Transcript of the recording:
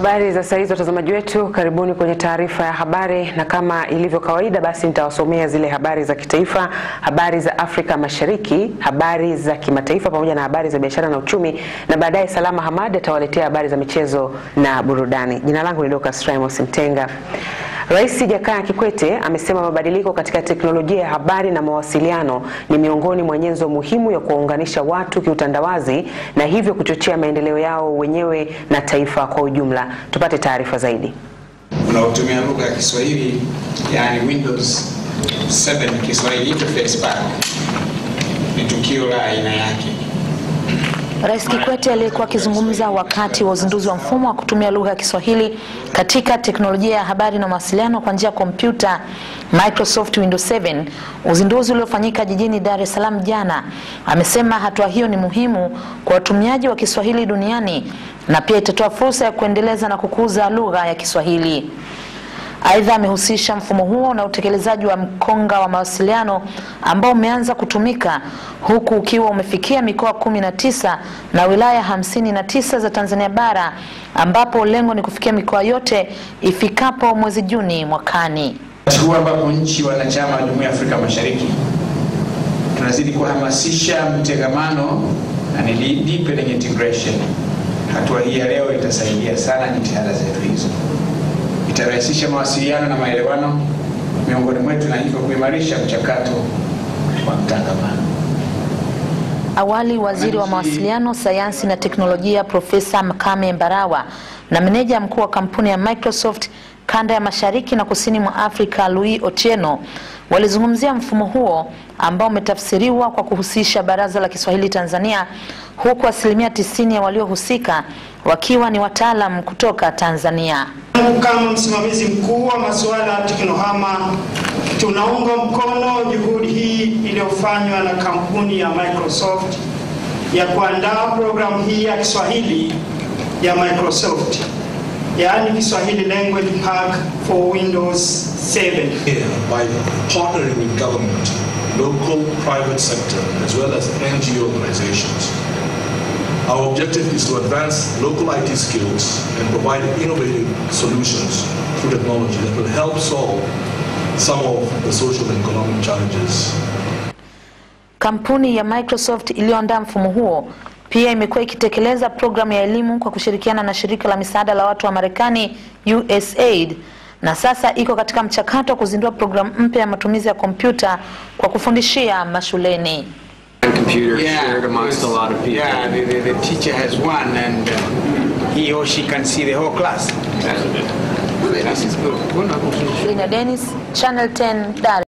Habari za saa hizi watazamaji wetu, karibuni kwenye taarifa ya habari, na kama ilivyo kawaida, basi nitawasomea zile habari za kitaifa, habari za Afrika Mashariki, habari za kimataifa, pamoja na habari za biashara na uchumi, na baadaye Salama Hamad atawaletea habari za michezo na burudani. Jina langu ni Dorcas Raymond Mtenga. Rais Jakaya Kikwete amesema mabadiliko katika teknolojia ya habari na mawasiliano ni miongoni mwa nyenzo muhimu ya kuwaunganisha watu kiutandawazi na hivyo kuchochea maendeleo yao wenyewe na taifa kwa ujumla. Tupate taarifa zaidi. Unaotumia lugha ya Kiswahili, yani Windows 7 Kiswahili Interface Pack, ni tukio la aina yake. Rais Kikwete aliyekuwa akizungumza wakati wa uzinduzi wa mfumo wa kutumia lugha ya Kiswahili katika teknolojia ya habari na mawasiliano kwa njia ya kompyuta Microsoft Windows 7, uzinduzi uliofanyika jijini Dar es Salaam jana, amesema hatua hiyo ni muhimu kwa watumiaji wa Kiswahili duniani na pia itatoa fursa ya kuendeleza na kukuza lugha ya Kiswahili. Aidha, amehusisha mfumo huo na utekelezaji wa mkonga wa mawasiliano ambao umeanza kutumika huku ukiwa umefikia mikoa kumi na tisa na wilaya hamsini na tisa za Tanzania bara ambapo lengo ni kufikia mikoa yote ifikapo mwezi Juni mwakani. Wakati huu ambapo nchi wanachama wa Jumuiya ya Afrika Mashariki tunazidi kuhamasisha mtegamano na deepening integration. Hatua hii ya leo itasaidia sana jitihada zetu hizo itarahisisha mawasiliano na maelewano miongoni mwetu na hivyo kuimarisha mchakato wa mtangamano. Awali waziri wa mawasiliano, sayansi na teknolojia Profesa Makame Mbarawa na meneja mkuu wa kampuni ya Microsoft kanda ya mashariki na kusini mwa Afrika Louis Otieno walizungumzia mfumo huo ambao umetafsiriwa kwa kuhusisha Baraza la Kiswahili Tanzania, huku asilimia tisini ya waliohusika wakiwa ni wataalam kutoka Tanzania. Ndugu, kama msimamizi mkuu wa masuala ya teknohama, tunaunga mkono juhudi hii iliyofanywa na kampuni ya Microsoft ya kuandaa programu hii ya Kiswahili ya Microsoft, yaani Kiswahili Language Pack for Windows 7. Here, by partnering with government, local private sector as well as NGO organizations Our objective is to advance local IT skills and provide innovative solutions through technology that will help solve some of the social and economic challenges. Kampuni ya Microsoft iliyoandaa mfumo huo pia imekuwa ikitekeleza programu ya elimu kwa kushirikiana na shirika la misaada la watu wa Marekani USAID na sasa iko katika mchakato wa kuzindua programu mpya ya matumizi ya kompyuta kwa kufundishia mashuleni. computer yeah, shared amongst a lot of people. Yeah, the, the, the teacher has one and uh, he or she can see the whole class. Yeah. Well, this is good. Dennis, Channel 10, Dar